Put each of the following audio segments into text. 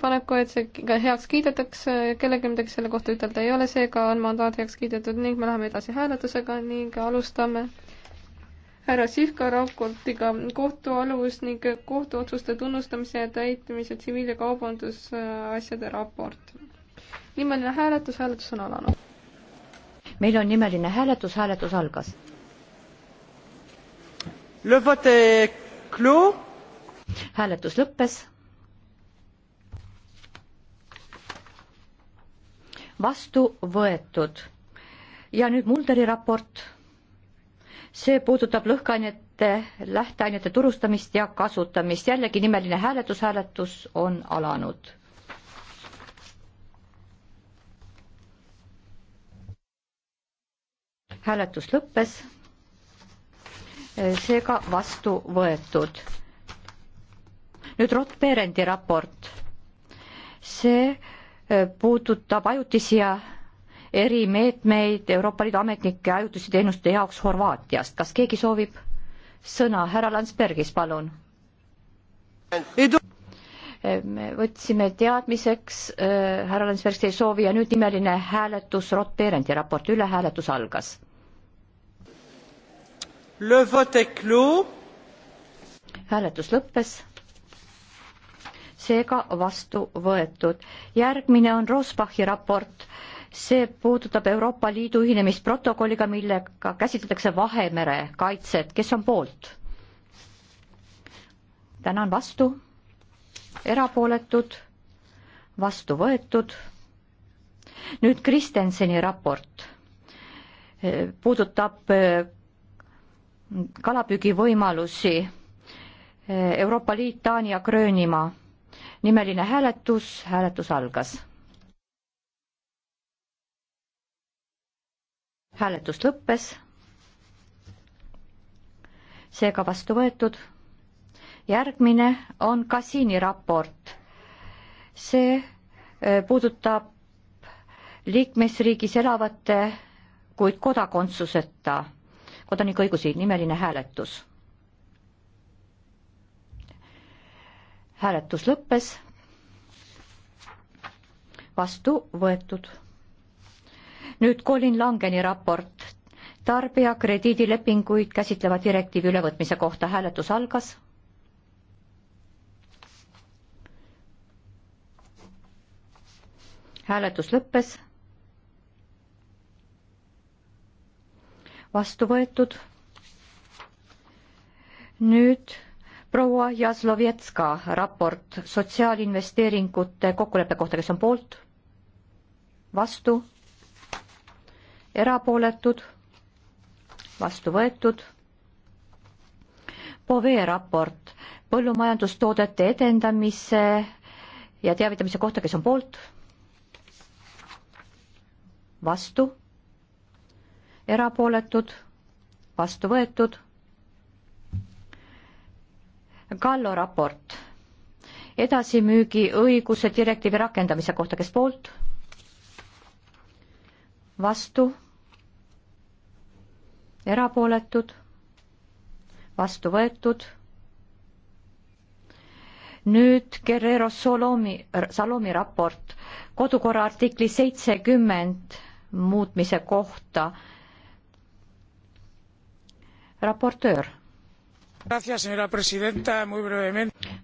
ettepaneku, et see heaks kiidetakse, kellelgi midagi selle kohta ütelda ei ole, seega on mandaat heaks kiidetud ning me läheme edasi hääletusega ning alustame härra Sihka raportiga kohtualus ning kohtuotsuste tunnustamise ja täitmise tsiviil- ja kaubandusasjade raport. nimeline hääletus, hääletus on alanud. meil on nimeline hääletus, hääletus algas. hääletus lõppes vastu võetud. ja nüüd Mulderi raport. see puudutab lõhkeainete, lähteainete turustamist ja kasutamist. jällegi nimeline hääletus, hääletus on alanud. hääletus lõppes. seega vastu võetud. nüüd Rott-Perendi raport. see Äh, puudutab ajutisi ja erimeetmeid Euroopa Liidu ametnike ajutiste teenuste jaoks Horvaatiast. kas keegi soovib sõna? härra Landsbergis, palun. Äh, me võtsime teadmiseks äh, härra Landsbergis teie soovi ja nüüd nimeline hääletus Rott Berendi raporti üle, hääletus algas. hääletus lõppes seega vastu võetud. järgmine on Rosbachi raport, see puudutab Euroopa Liidu ühinemisprotokolliga, millega käsitletakse Vahemere kaitset, kes on poolt? tänan vastu, erapooletud, vastu võetud. nüüd Kristenseni raport eh, puudutab eh, kalapüügivõimalusi eh, Euroopa Liit, Taani ja Gröönimaa nimeline hääletus, hääletus algas. hääletus lõppes. seega vastu võetud. järgmine on Kassiini raport. see äh, puudutab liikmesriigis elavate, kuid kodakondsuseta kodanikuõigusi, nimeline hääletus hääletus lõppes. vastu võetud. nüüd Colin Langeni raport tarbija krediidilepinguid käsitleva direktiivi ülevõtmise kohta hääletus algas. hääletus lõppes. vastu võetud. nüüd proua Jaslovetska raport sotsiaalinvesteeringute kokkuleppe kohta, kes on poolt, vastu, erapooletud, vastu võetud. Povee raport põllumajandustoodete edendamise ja teavitamise kohta, kes on poolt, vastu, erapooletud, vastu võetud Kallo raport edasimüügiõiguse direktiivi rakendamise kohta, kes poolt? vastu? erapooletud? vastu võetud? nüüd Guerrero Solomi, Salomi raport kodukorra artikli seitsekümmend muutmise kohta. raportöör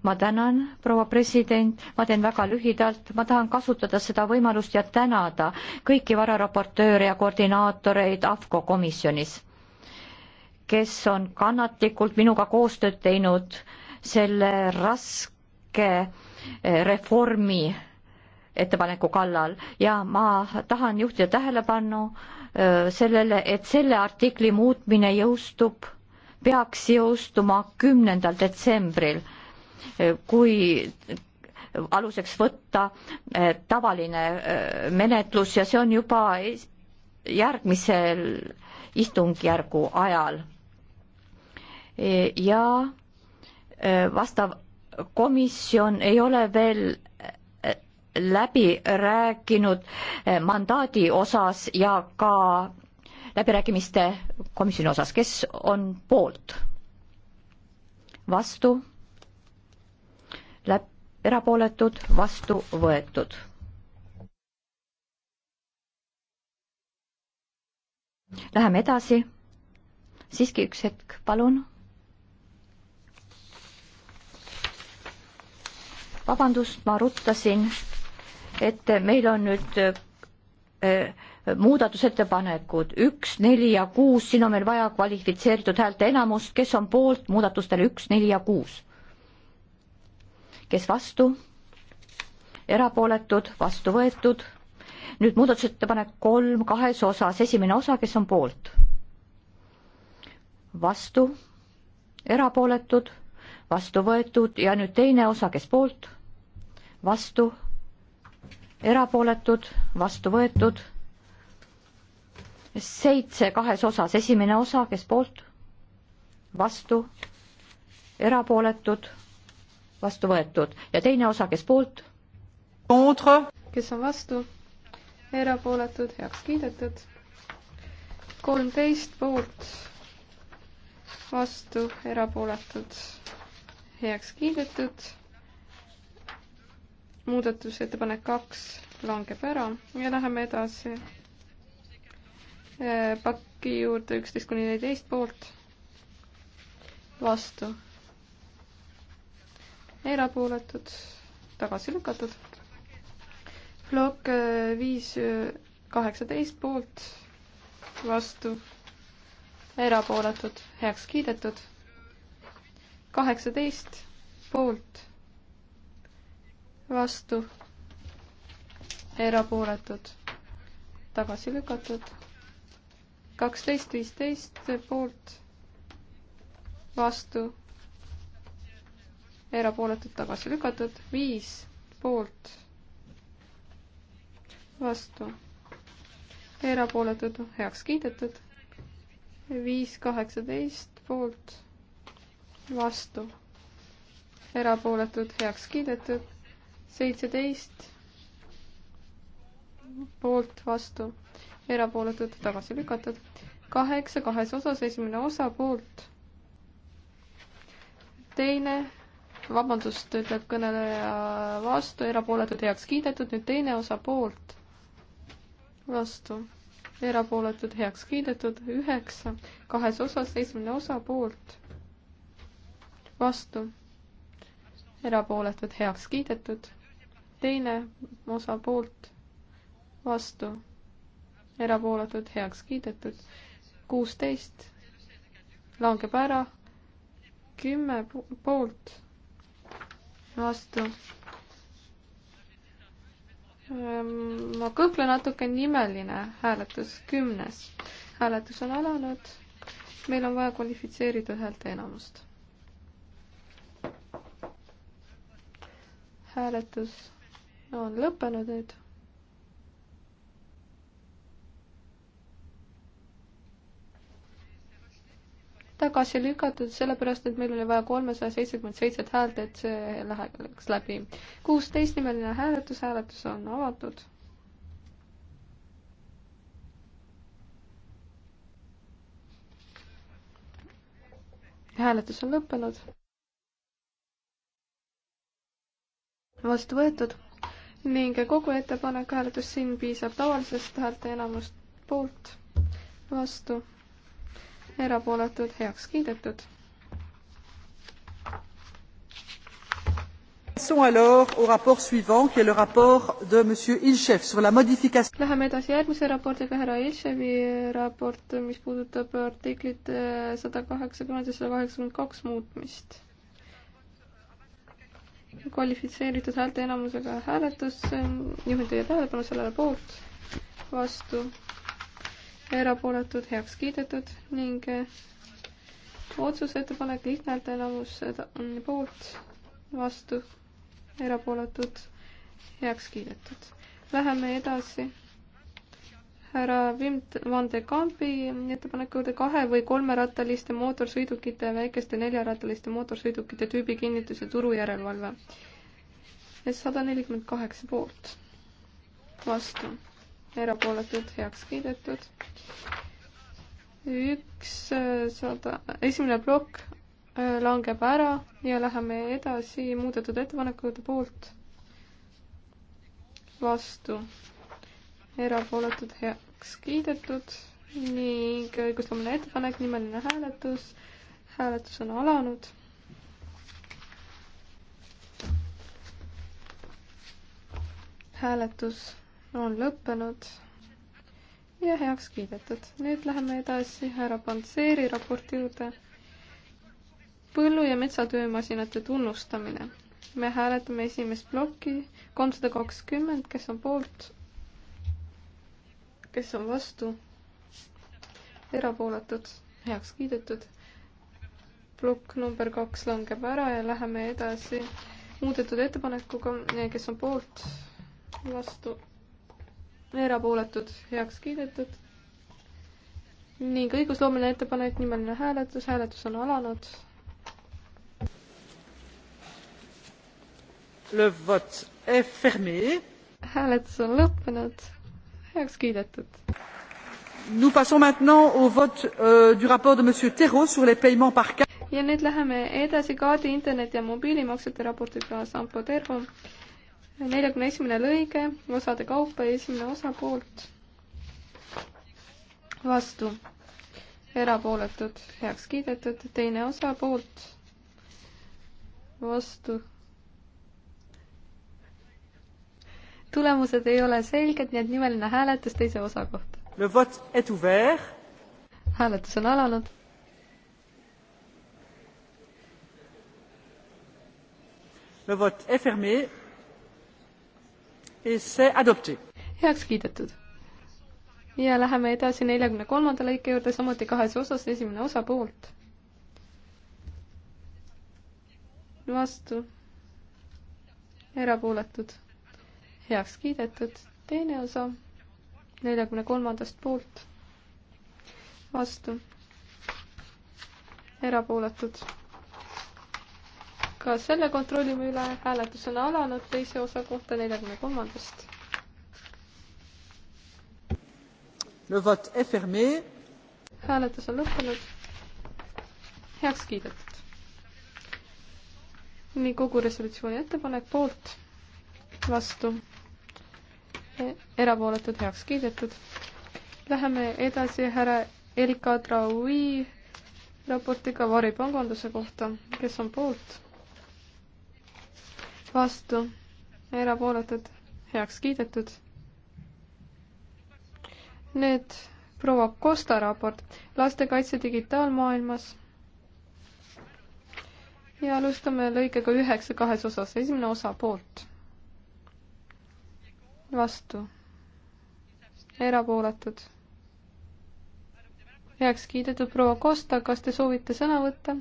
ma tänan, proua president, ma teen väga lühidalt, ma tahan kasutada seda võimalust ja tänada kõiki vararaportööre ja koordinaatoreid AFCO komisjonis, kes on kannatlikult minuga koostööd teinud selle raske eh, reformi ettepaneku kallal ja ma tahan juhtida tähelepanu eh, sellele, et selle artikli muutmine jõustub peaks jõustuma kümnendal detsembril, kui aluseks võtta eh, tavaline eh, menetlus ja see on juba järgmisel istungjärgu ajal. E, ja e, vastav komisjon ei ole veel e, läbi rääkinud mandaadi osas ja ka läbirääkimiste komisjoni osas, kes on poolt? vastu? Läb-, erapooletud, vastu võetud. Läheme edasi. siiski üks hetk, palun vabandust, ma ruttasin, et meil on nüüd Äh, muudatusettepanekud üks, neli ja kuus, siin on meil vaja kvalifitseeritud häälte enamust, kes on poolt muudatustele üks, neli ja kuus? kes vastu? erapooletud, vastu võetud. nüüd muudatusettepanek kolm kahes osas, esimene osa, kes on poolt? vastu, erapooletud, vastu võetud ja nüüd teine osa, kes poolt? vastu erapooletud, vastu võetud. seitse kahes osas, esimene osa, kes poolt, vastu, erapooletud, vastu võetud ja teine osa, kes poolt, kes on vastu, erapooletud, heaks kiidetud. kolmteist poolt, vastu, erapooletud, heaks kiidetud muudatusettepanek kaks langeb ära ja läheme edasi eh, pakki juurde üksteist kuni neliteist poolt, vastu, erapooletud, tagasi lükatud. plokk eh, viis eh, kaheksateist poolt, vastu, erapooletud, heaks kiidetud. kaheksateist poolt vastu, erapooletud, tagasi lükatud. kaksteist, viisteist poolt, vastu, erapooletud, tagasi lükatud, viis poolt, vastu, erapooletud, heaks kiidetud, viis, kaheksateist poolt, vastu, erapooletud, heaks kiidetud seitseteist poolt, vastu, erapooletud, tagasi lükatud. kaheksa kahes osas, esimene osa poolt. teine, vabandust, ütleb kõneleja vastu, erapooletud heaks kiidetud, nüüd teine osa poolt, vastu, erapooletud heaks kiidetud, üheksa kahes osas, esimene osa poolt, vastu, erapooletud heaks kiidetud teine osa poolt, vastu, erapooletud, heaks kiidetud, kuusteist langeb ära, kümme poolt, vastu. Ehm, ma kõhklen natuke, nimeline hääletus, kümnes hääletus on alanud, meil on vaja kvalifitseeritud häälteenamust hääletus on lõppenud nüüd. tagasi lükatud, sellepärast et meil oli vaja kolmesaja seitsekümmend seitset häält, et see lähe-, läks läbi. kuusteist nimeline hääletus, hääletus on avatud hääletus on lõppenud. vastu võetud ning kogu ettepanek hääletus siin piisab tavalisest häälte enamust poolt, vastu, erapooletud, heaks kiidetud. Läheme edasi järgmise raportiga, härra Ilševi raport, mis puudutab artiklit eh, sada kaheksakümmend ja sada kaheksakümmend kaks muutmist kvalifitseeritud häälteenamusega hääletus, juhin teie tähelepanu sellele poolt, vastu, erapooletud, heaks kiidetud ning eh, otsuse ettepanek lihtne häälteenamus poolt, vastu, erapooletud, heaks kiidetud. Läheme edasi härra Wim van de Kampi ettepaneku juurde kahe või kolmerattaliste mootorsõidukite ja väikeste neljarattaliste mootorsõidukite tüübi kinnituse turujärelevalve. sada nelikümmend kaheksa poolt, vastu, erapooletud, heaks kiidetud. üks äh, sada, esimene plokk äh, langeb ära ja läheme edasi muudetud ettepanekute poolt, vastu erapooletud hea, heaks kiidetud ning õigusloomne ettepanek, nimeline hääletus. hääletus on alanud. hääletus on lõppenud ja heaks kiidetud. nüüd läheme edasi härra Panseeri raporti juurde. põllu- ja metsatöömasinate tunnustamine. me hääletame esimest plokki, kolmsada kakskümmend, kes on poolt kes on vastu, erapooletud, heaks kiidetud. plokk number kaks langeb ära ja läheme edasi muudetud ettepanekuga, kes on poolt, vastu, erapooletud, heaks kiidetud. ning õigusloomeline ettepanek, nimeline hääletus, hääletus on alanud. Le vote est fermé. hääletus on lõppenud heaks kiidetud. Nous passons maintenant au vote euh, du rapport de Monsieur Terro sur les paiements par carte. ja nüüd läheme edasi kaardi, interneti ja mobiilimaksete raportiga Sampo Terro. neljakümne esimene lõige, osade kaupa ja esimene osa poolt. vastu, erapooletud, heaks kiidetud, teine osa poolt, vastu tulemused ei ole selged, nii et nimeline hääletus teise osa kohta. hääletus on alanud. heaks kiidetud. ja läheme edasi neljakümne kolmanda lõike juurde, samuti kahes osas, esimene osa poolt. vastu erapooletud heaks kiidetud, teine osa neljakümne kolmandast poolt, vastu, erapooletud. ka selle kontrollime üle, hääletus on alanud teise osa kohta neljakümne kolmandast. hääletus on lõppenud, heaks kiidetud. nii kogu resolutsiooni ettepanek poolt, vastu erapooletud heaks kiidetud. Läheme edasi härra Elka Traui raportiga varipanganduse kohta, kes on poolt, vastu, erapooletud, heaks kiidetud. nüüd proua Costa raport lastekaitse digitaalmaailmas. ja alustame lõikega üheksa kahes osas, esimene osa poolt vastu, erapooletud. heaks kiidetud proua Costa, kas te soovite sõna võtta?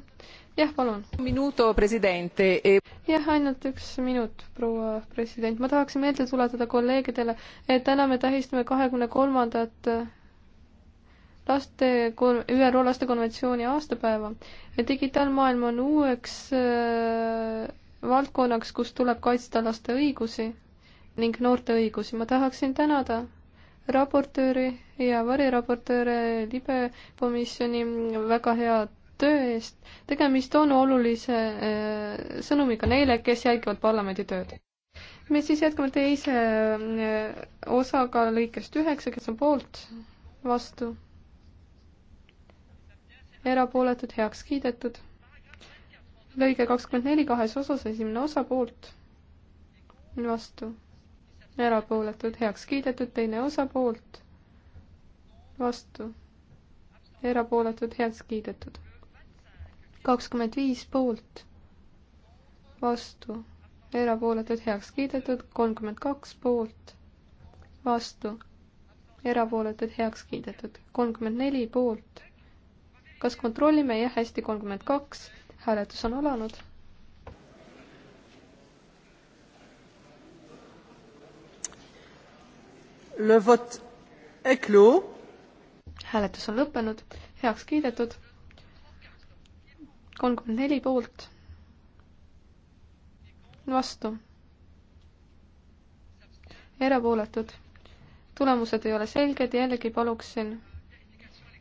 jah, palun. minuto presidente. jah, ainult üks minut, proua president. ma tahaksin meelde tuletada kolleegidele, et täna me tähistame kahekümne kolmandat laste, ÜRO lastekonventsiooni aastapäeva. digitaalmaailm on uueks äh, valdkonnaks, kus tuleb kaitsta laste õigusi ning noorte õigusi. ma tahaksin tänada raportööri ja variraportööre libe komisjoni väga hea töö eest. tegemist on olulise äh, sõnumiga neile, kes jälgivad parlamendi tööd. me siis jätkame teise äh, osaga lõikest üheksa, kes on poolt, vastu, erapooletud, heaks kiidetud. lõige kakskümmend neli kahes osas, esimene osa poolt, vastu erapooletud, heaks kiidetud, teine osa poolt, vastu, erapooletud, heaks kiidetud. kakskümmend viis poolt, vastu, erapooletud, heaks kiidetud, kolmkümmend kaks poolt, vastu, erapooletud, heaks kiidetud, kolmkümmend neli poolt. kas kontrollime, jah, hästi, kolmkümmend kaks, hääletus on alanud Le vote est clos. hääletus on lõppenud, heaks kiidetud. kolmkümmend neli poolt. vastu. erapooletud. tulemused ei ole selged, jällegi paluksin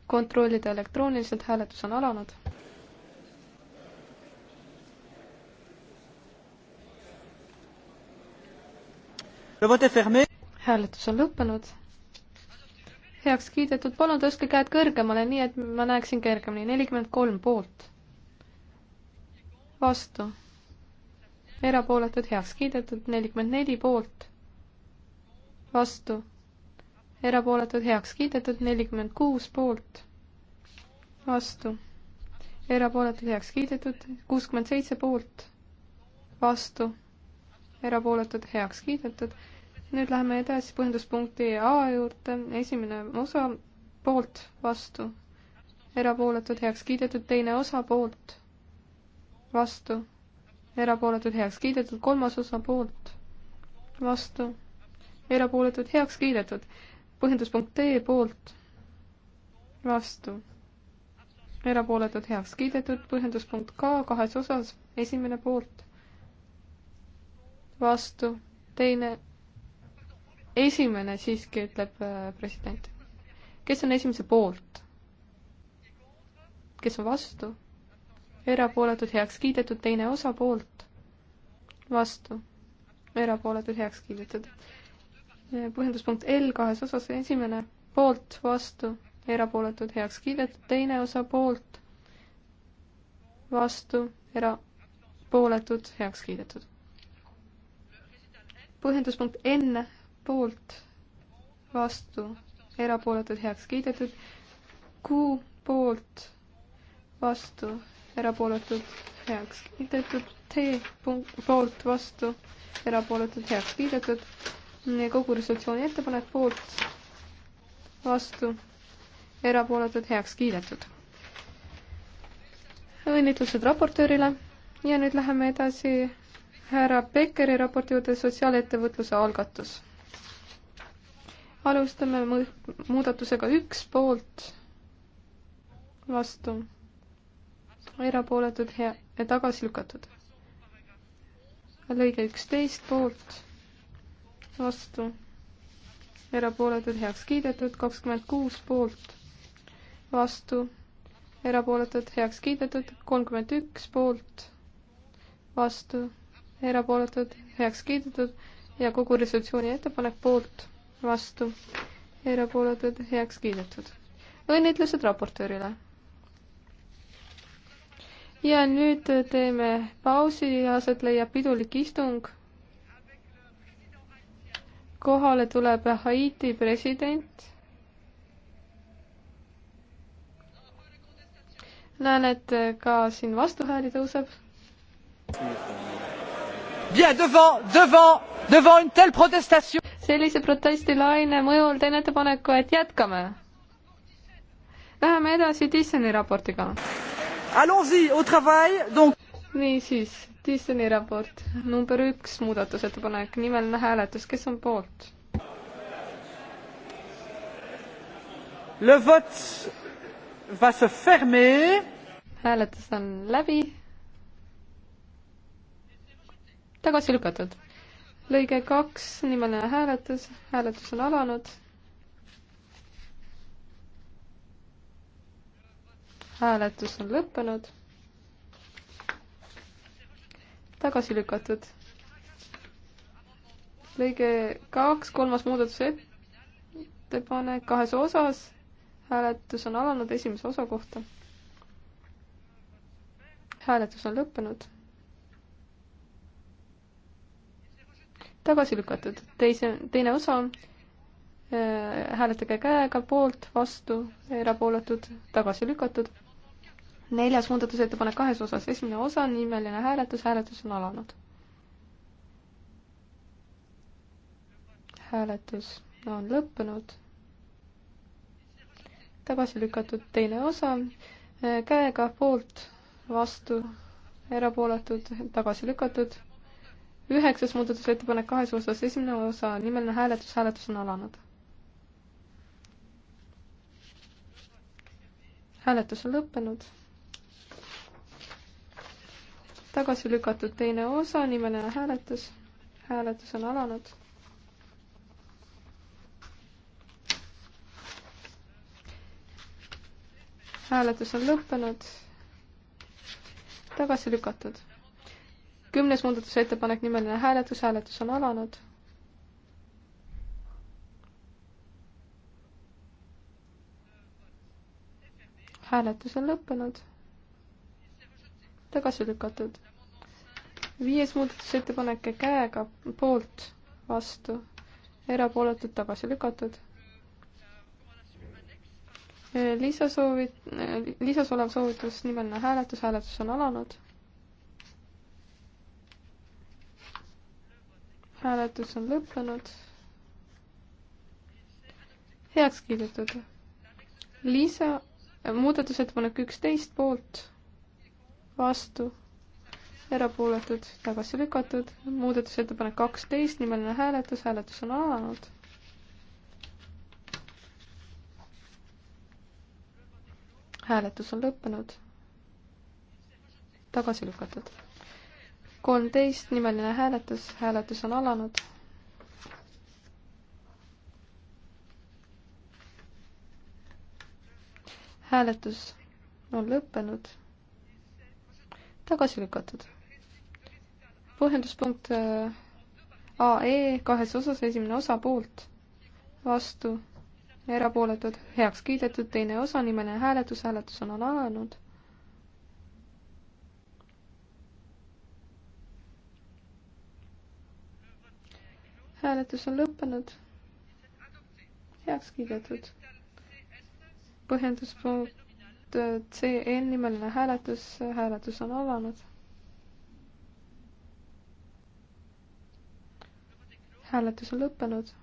kontrollida elektrooniliselt, hääletus on alanud. Le vote est fermé hääletus on lõppenud. heaks kiidetud, palun tõstke käed kõrgemale, nii et ma näeksin kergemini. nelikümmend kolm poolt. vastu. erapooletud, heaks kiidetud, nelikümmend neli poolt. vastu. erapooletud, heaks kiidetud, nelikümmend kuus poolt. vastu. erapooletud, heaks kiidetud, kuuskümmend seitse poolt. vastu. erapooletud, heaks kiidetud nüüd läheme edasi põhjenduspunkti A juurde, esimene osa poolt, vastu, erapooletud, heaks kiidetud, teine osa poolt, vastu, erapooletud, heaks kiidetud, kolmas osa poolt, vastu, erapooletud, heaks kiidetud, põhjenduspunkt D poolt, vastu, erapooletud, heaks kiidetud, põhjenduspunkt K kahes osas, esimene poolt, vastu, teine esimene siiski, ütleb äh, president. kes on esimese poolt? kes on vastu? erapooletud heaks kiidetud, teine osa poolt, vastu, erapooletud heaks kiidetud. Äh, põhjenduspunkt L kahes osas, esimene poolt, vastu, erapooletud heaks kiidetud, teine osa poolt, vastu, erapooletud heaks kiidetud. põhjenduspunkt N poolt, vastu, erapooletud, heaks kiidetud. Q poolt, vastu, erapooletud, heaks kiidetud. T punkt, poolt, vastu, erapooletud, heaks kiidetud. kogu resolutsiooni ettepanek poolt, vastu, erapooletud, heaks kiidetud. õnnitlused raportöörile ja nüüd läheme edasi härra Pekkeri raporti juurde sotsiaalettevõtluse algatus alustame muudatusega üks poolt, vastu, erapooletud ja tagasi lükatud. lõige üksteist poolt, vastu, erapooletud heaks kiidetud, kakskümmend kuus poolt, vastu, erapooletud heaks kiidetud, kolmkümmend üks poolt, vastu, erapooletud heaks kiidetud ja kogu resolutsiooni ettepanek poolt vastu, erapooletud, heaks kiidetud. õnnitlused raportöörile. ja nüüd teeme pausi, aset leiab pidulik istung. kohale tuleb Haiti president. näen, et ka siin vastuhääli tõuseb. Bien devant, devant, devant une telle protestation sellise protestilaine mõjul teen ettepaneku, et jätkame. Läheme edasi Dissoni raportiga. niisiis, Dissoni raport, number üks muudatusettepanek, nimeline hääletus, kes on poolt? Le vote va se fermer. hääletus on läbi. tagasi lükatud lõige kaks, nimeline hääletus, hääletus on alanud. hääletus on lõppenud. tagasi lükatud. lõige kaks, kolmas muudatusettepanek kahes osas. hääletus on alanud esimese osa kohta. hääletus on lõppenud tagasi lükatud. teise, teine osa äh, hääletage käega poolt, vastu, erapooletud, tagasi lükatud. neljas muudatusettepanek kahes osas, esimene osa, nimeline hääletus, hääletus on alanud. hääletus on lõppenud. tagasi lükatud teine osa, äh, käega poolt, vastu, erapooletud, tagasi lükatud üheksas muudatusettepanek kahes osas, esimene osa, nimeline hääletus, hääletus on alanud. hääletus on lõppenud. tagasi lükatud teine osa, nimeline hääletus, hääletus on alanud. hääletus on lõppenud. tagasi lükatud kümnes muudatusettepanek, nimeline hääletus, hääletus on alanud. hääletus on lõppenud. tagasi lükatud. viies muudatusettepanek käega poolt, vastu, erapooletud, tagasi lükatud lisasoovid, lisas olev soovitus, nimeline hääletus, hääletus on alanud. hääletus on lõppenud. heaks kiidetud. lisa, muudatusettepanek üksteist poolt, vastu, erapooletud, tagasi lükatud. muudatusettepanek kaksteist, nimeline hääletus, hääletus on alanud. hääletus on lõppenud. tagasi lükatud kolmteist nimeline hääletus, hääletus on alanud. hääletus on lõppenud, tagasi lükatud. põhjenduspunkt äh, AE kahes osas, esimene osa poolt, vastu, erapooletud, heaks kiidetud, teine osa, nimeline hääletus, hääletus on alanud hääletus on lõppenud. heaks kiidetud. põhjenduspunkt äh, CL nimeline hääletus, hääletus on alanud. hääletus on lõppenud.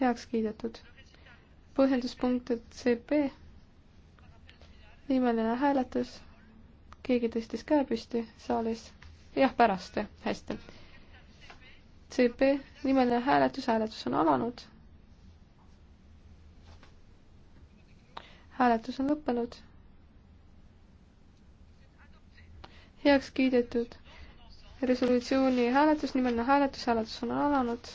heaks kiidetud. põhjenduspunkt CP nimeline hääletus. keegi tõstis käe püsti saalis. jah, pärast, hästi CP nimeline hääletus, hääletus on alanud. hääletus on lõppenud. heaks kiidetud resolutsiooni hääletus, nimeline hääletus, hääletus on alanud.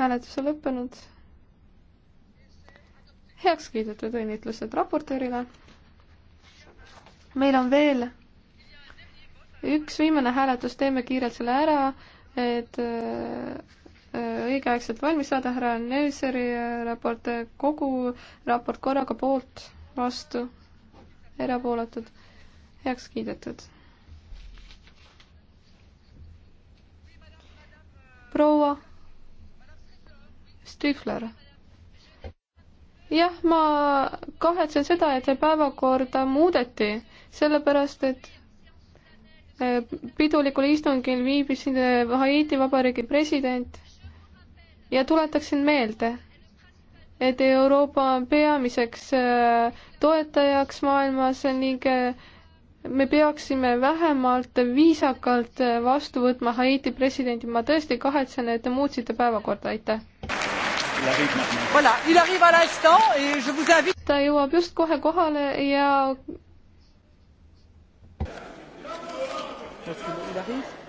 hääletus on lõppenud. heaks kiidetud õnnitlused raportöörile meil on veel üks viimane hääletus, teeme kiirelt selle ära, et äh, õigeaegselt valmis saada, härra Neuseri äh, raport, äh, kogu raport korraga poolt, vastu, erapooletud, heaks kiidetud. proua Stühler jah, ma kahetsen seda, et päevakorda muudeti sellepärast et äh, pidulikul istungil viibis siin äh, Haiti Vabariigi president ja tuletaksin meelde, et Euroopa on peamiseks äh, toetajaks maailmas ning me peaksime vähemalt viisakalt vastu võtma Haiti presidendi, ma tõesti kahetsen, et te muutsite päevakorda, aitäh. ta jõuab just kohe kohale ja das